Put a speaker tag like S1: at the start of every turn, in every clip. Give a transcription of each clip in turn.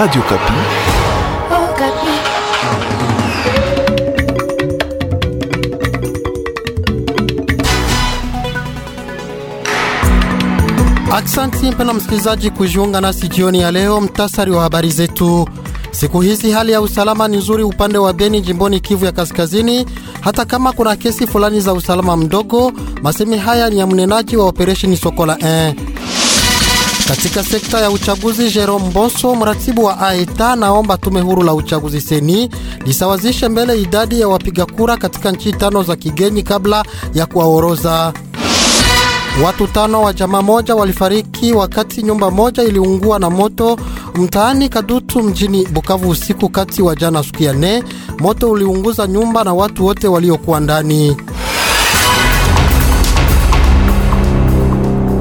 S1: Radio Kapi.
S2: Oh, Kapi.
S3: Aksanti mpena msikilizaji kujiunga nasi jioni ya leo. Mtasari wa habari zetu siku hizi, hali ya usalama ni nzuri upande wa Beni jimboni Kivu ya Kaskazini, hata kama kuna kesi fulani za usalama mdogo. Masemi haya ni ya mnenaji wa operesheni Sokola 1 katika sekta ya uchaguzi, Jerome Boso, mratibu wa AETA, naomba tume huru la uchaguzi seni lisawazishe mbele idadi ya wapiga kura katika nchi tano za kigeni kabla ya kuwaoroza. Watu tano wa jamaa moja walifariki wakati nyumba moja iliungua na moto mtaani Kadutu mjini Bukavu usiku kati wa jana siku ya nne. Moto uliunguza nyumba na watu wote waliokuwa ndani.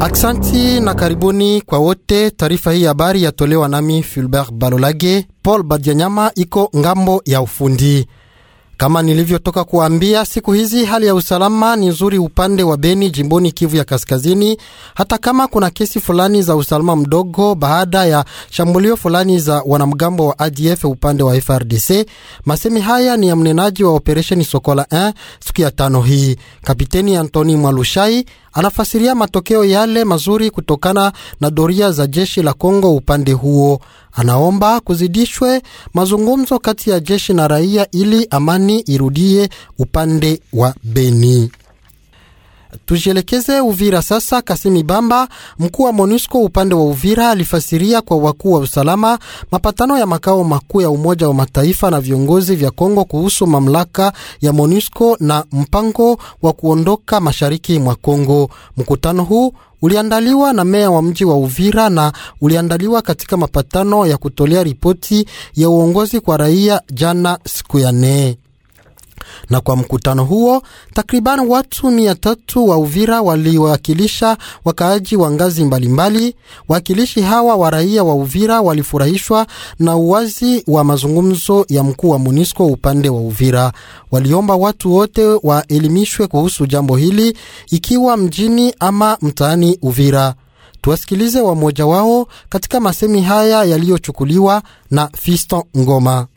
S3: Aksanti na karibuni kwa wote. Taarifa hii habari yatolewa nami Fulbert Balolage. Paul Badianyama iko ngambo ya ufundi. Kama nilivyotoka kuambia, siku hizi hali ya usalama ni nzuri upande wa Beni, jimboni Kivu ya Kaskazini, hata kama kuna kesi fulani za usalama mdogo baada ya shambulio fulani za wanamgambo wa ADF upande wa FRDC. Masemi haya ni ya mnenaji wa operesheni Sokola 1 siku ya tano hii, Kapiteni Antoni Mwalushai anafasiria matokeo yale mazuri kutokana na doria za jeshi la Kongo upande huo. Anaomba kuzidishwe mazungumzo kati ya jeshi na raia ili amani irudie upande wa Beni. Tujielekeze Uvira sasa. Kasimi Bamba, mkuu wa MONUSCO upande wa Uvira, alifasiria kwa wakuu wa usalama mapatano ya makao makuu ya Umoja wa Mataifa na viongozi vya Kongo kuhusu mamlaka ya MONUSCO na mpango wa kuondoka mashariki mwa Kongo. Mkutano huu uliandaliwa na meya wa mji wa Uvira na uliandaliwa katika mapatano ya kutolea ripoti ya uongozi kwa raia jana siku ya nne na kwa mkutano huo takriban watu mia tatu wa Uvira waliwakilisha wakaaji wa ngazi mbalimbali. Wakilishi hawa wa raia wa Uvira walifurahishwa na uwazi wa mazungumzo ya mkuu wa MONUSCO upande wa Uvira. Waliomba watu wote waelimishwe kuhusu jambo hili, ikiwa mjini ama mtaani Uvira. Tuwasikilize wamoja wao katika masemi haya yaliyochukuliwa na Fiston Ngoma.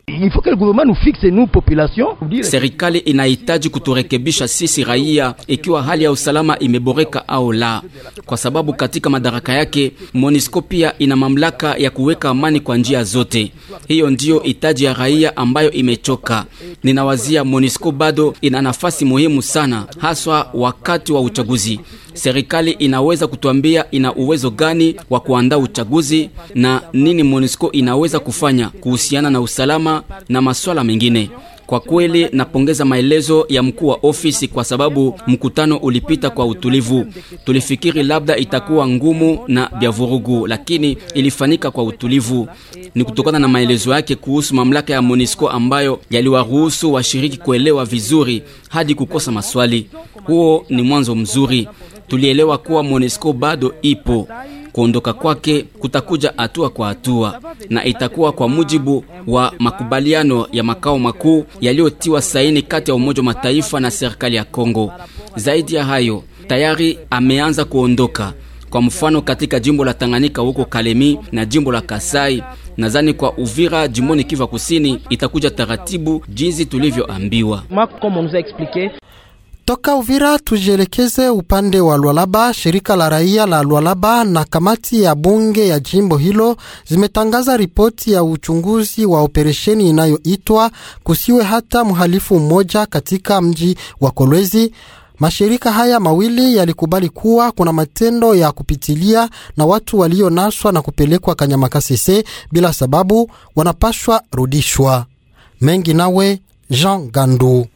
S4: Serikali inahitaji kuturekebisha sisi raia, ikiwa hali ya usalama imeboreka au la, kwa sababu katika madaraka yake MONUSCO pia ina mamlaka ya kuweka amani kwa njia zote. Hiyo ndiyo hitaji ya raia ambayo imechoka. Ninawazia MONUSCO bado ina nafasi muhimu sana, haswa wakati wa uchaguzi. Serikali inaweza kutuambia ina uwezo gani wa kuandaa uchaguzi na nini MONUSCO inaweza kufanya kuhusiana na usalama usalama na masuala mengine. Kwa kweli napongeza maelezo ya mkuu wa ofisi kwa sababu mkutano ulipita kwa utulivu. Tulifikiri labda itakuwa ngumu na vya vurugu, lakini ilifanyika kwa utulivu. Ni kutokana na maelezo yake kuhusu mamlaka ya MONUSCO ambayo yaliwaruhusu washiriki kuelewa vizuri hadi kukosa maswali. Huo ni mwanzo mzuri. Tulielewa kuwa MONUSCO bado ipo kuondoka kwake kutakuja hatua kwa hatua na itakuwa kwa mujibu wa makubaliano ya makao makuu yaliyotiwa saini kati ya Umoja wa Mataifa na serikali ya Kongo. Zaidi ya hayo, tayari ameanza kuondoka, kwa mfano katika jimbo la Tanganyika huko Kalemi na jimbo la Kasai. Nadhani kwa Uvira jimboni kiva Kusini itakuja taratibu jinsi tulivyoambiwa.
S3: Kutoka Uvira tujielekeze upande wa Lualaba. Shirika la raia la Lualaba na kamati ya bunge ya jimbo hilo zimetangaza ripoti ya uchunguzi wa operesheni inayoitwa kusiwe hata mhalifu mmoja katika mji wa Kolwezi. Mashirika haya mawili yalikubali kuwa kuna matendo ya kupitilia na watu walionaswa na kupelekwa Kanyamakasese bila sababu wanapashwa rudishwa. Mengi nawe Jean Gandu.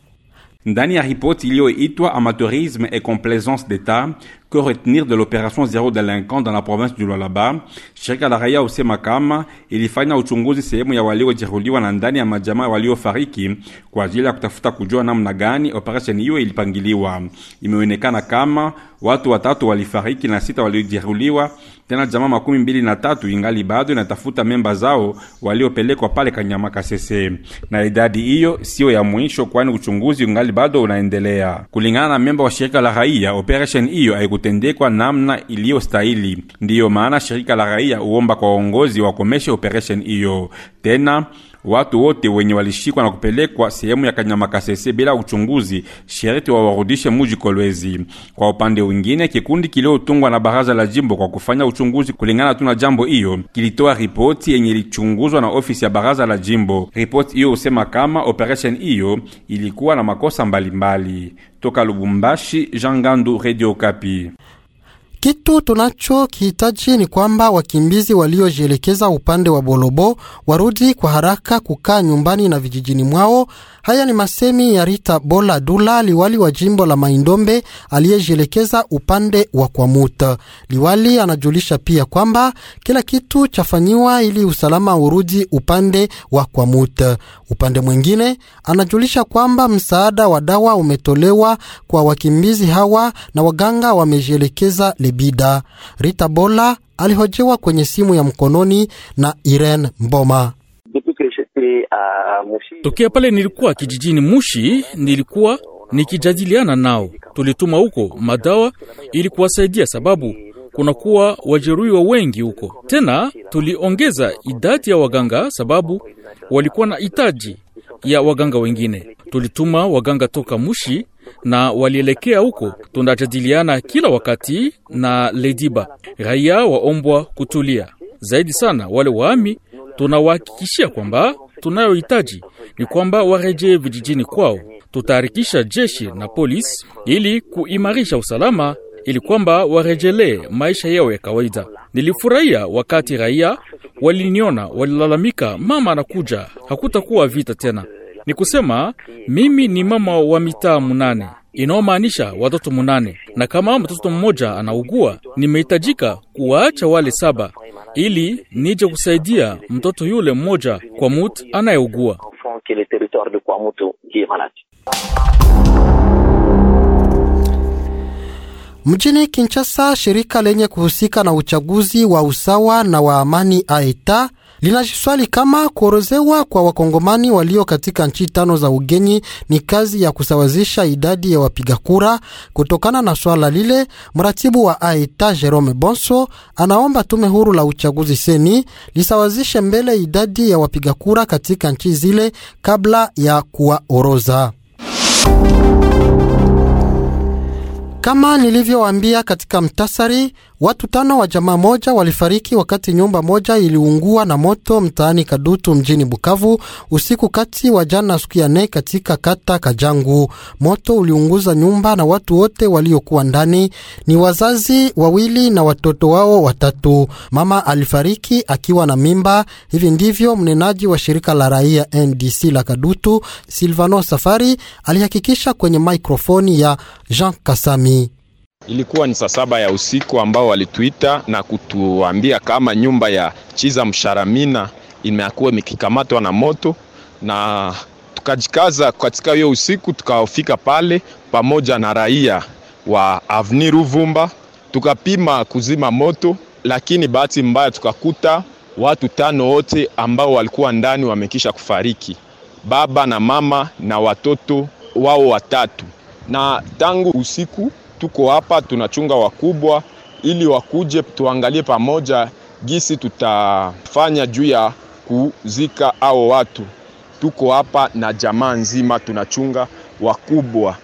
S2: Ndani ya ripoti iliyoitwa Amateurisme et complaisance d'État Que retenir de l'opération zéro délinquant dans la province du Lualaba? Shirika la raia husema kama ilifanya uchunguzi sehemu ya waliojeruhiwa na ndani ya majamaa waliofariki kwa ajili ya kutafuta kujua namna gani operation hiyo ilipangiliwa. Imeonekana kama watu watatu walifariki na sita waliojeruhiwa, tena jamaa makumi mbili na tatu ingali bado inatafuta memba zao waliopelekwa pale Kanyama Kasese, na idadi hiyo siyo ya mwisho, kwani uchunguzi ungali bado unaendelea. Kulingana na memba wa shirika la raia, operation hiyo kutendekwa namna iliyostahili. Ndiyo maana shirika la raia huomba kwa uongozi wakomeshe operation hiyo tena watu wote wenye walishikwa na kupelekwa sehemu ya Kanyama Kasese bila uchunguzi shereti wawarudishe muji Kolwezi. Kwa upande wengine, kikundi kiliotungwa na baraza la jimbo kwa kufanya uchunguzi kulingana tu na jambo hiyo kilitoa ripoti yenye ilichunguzwa na ofisi ya baraza la jimbo. Ripoti hiyo usema kama operation hiyo ilikuwa na makosa mbalimbali mbali. Toka Lubumbashi, Jean Gandu, Radio Kapi.
S3: Kitu tunachokihitaji ni kwamba wakimbizi waliojielekeza upande wa Bolobo warudi kwa haraka kukaa nyumbani na vijijini mwao. Haya ni masemi ya Rita Bola Dula, liwali wa jimbo la Maindombe aliyejielekeza upande wa Kwamuta. Liwali anajulisha pia kwamba kila kitu chafanyiwa ili usalama urudi upande wa Kwamuta. Upande mwingine, anajulisha kwamba msaada wa dawa umetolewa kwa wakimbizi hawa na waganga wamejielekeza Bida. Rita Bola alihojewa kwenye simu ya mkononi na Irene Mboma.
S1: Euh, Tokea pale nilikuwa kijijini Mushi, nilikuwa nikijadiliana nao, tulituma huko madawa ili kuwasaidia, sababu kunakuwa wa wengi huko. Tena tuliongeza idadi ya waganga, sababu walikuwa na hitaji ya waganga wengine. Tulituma waganga toka Mushi na walielekea huko. Tunajadiliana kila wakati na Lediba. Raia waombwa kutulia zaidi sana, wale waami tunawahakikishia kwamba tunayohitaji ni kwamba warejee vijijini kwao. Tutaharikisha jeshi na polisi ili kuimarisha usalama ili kwamba warejelee maisha yao ya kawaida. Nilifurahia wakati raia waliniona, walilalamika, mama anakuja, hakutakuwa vita tena. Ni kusema mimi ni mama wa mitaa munane inayomaanisha watoto munane, na kama mtoto mmoja anaugua, nimehitajika kuwaacha wale saba ili nije kusaidia mtoto yule mmoja kwa mut anayeugua.
S3: Mjini Kinshasa, shirika lenye kuhusika na uchaguzi wa usawa na wa amani AETA e linajiswali kama kuorozewa kwa wakongomani walio katika nchi tano za ugenyi ni kazi ya kusawazisha idadi ya wapiga kura. Kutokana na swala lile, mratibu wa AITA Jerome Bonso anaomba tume huru la uchaguzi seni lisawazishe mbele idadi ya wapiga kura katika nchi zile kabla ya kuwaoroza. Kama nilivyowaambia katika mtasari Watu tano wa jamaa moja walifariki wakati nyumba moja iliungua na moto mtaani Kadutu mjini Bukavu usiku kati wa jana siku ya nne katika kata Kajangu. Moto uliunguza nyumba na watu wote waliokuwa ndani ni wazazi wawili na watoto wao watatu. Mama alifariki akiwa na mimba. Hivi ndivyo mnenaji wa shirika la raia NDC la Kadutu Silvano Safari alihakikisha kwenye mikrofoni ya Jean Kasami.
S2: Ilikuwa ni saa saba ya usiku ambao walituita na kutuambia kama nyumba ya Chiza Msharamina imekuwa imekikamatwa na moto, na tukajikaza katika hiyo usiku, tukafika pale pamoja na raia wa Avenue Ruvumba, tukapima kuzima moto, lakini bahati mbaya tukakuta watu tano wote ambao walikuwa ndani wamekisha kufariki, baba na mama na watoto wao watatu, na tangu usiku tuko hapa tunachunga wakubwa ili wakuje tuangalie pamoja gisi tutafanya juu ya kuzika hao watu. Tuko hapa na jamaa nzima tunachunga wakubwa.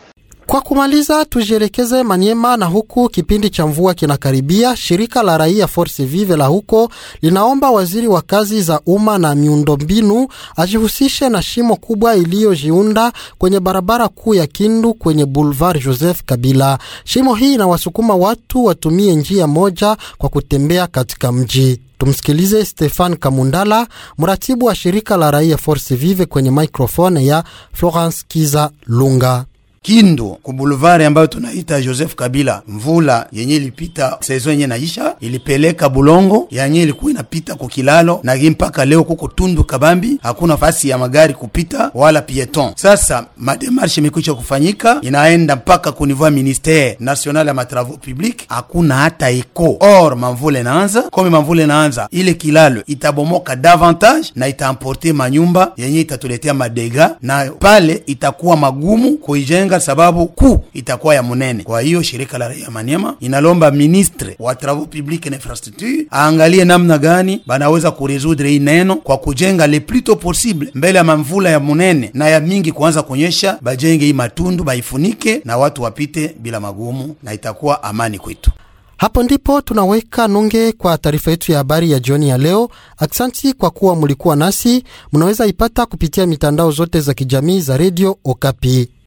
S3: Kwa kumaliza, tujielekeze Manyema na huku kipindi cha mvua kinakaribia, shirika la raia Force Vive la huko linaomba waziri wa kazi za umma na miundombinu ajihusishe na shimo kubwa iliyojiunda kwenye barabara kuu ya Kindu kwenye Boulevard Joseph Kabila. Shimo hii inawasukuma watu watumie njia moja kwa kutembea katika mji. Tumsikilize Stefan Kamundala, mratibu wa shirika la raia Force Vive kwenye microfone ya Florence Kiza Lunga. Kindu ku boulevard ambayo tunaita Joseph
S4: Kabila, mvula yenye ilipita saison yenye naisha ilipeleka Bulongo yanye ilikuwa inapita ku Kilalo na mpaka leo kuko Tundu Kabambi, hakuna fasi ya magari kupita wala pieton. Sasa mademarshe imekwisha kufanyika, inaenda mpaka kunivua ministere national ya matravau public, hakuna hata eko or mamvula inaanza kome, mamvula inaanza ile kilalo itabomoka davantage na itaamporte manyumba yenye itatuletea madega, na pale itakuwa magumu kuijenga Mwenga, sababu kuu itakuwa ya munene. Kwa hiyo shirika la raia Maniema inalomba ministre wa travaux publics na infrastructure aangalie namna gani banaweza kuresudre hii neno kwa kujenga le plus tôt possible mbele ya mamvula ya munene na ya mingi kuanza kunyesha bajenge hii matundu baifunike na watu wapite bila magumu, na itakuwa amani kwetu.
S3: Hapo ndipo tunaweka nunge kwa taarifa yetu ya habari ya jioni ya leo. Aksanti kwa kuwa mulikuwa nasi. Mnaweza ipata kupitia mitandao zote za kijamii za redio Okapi.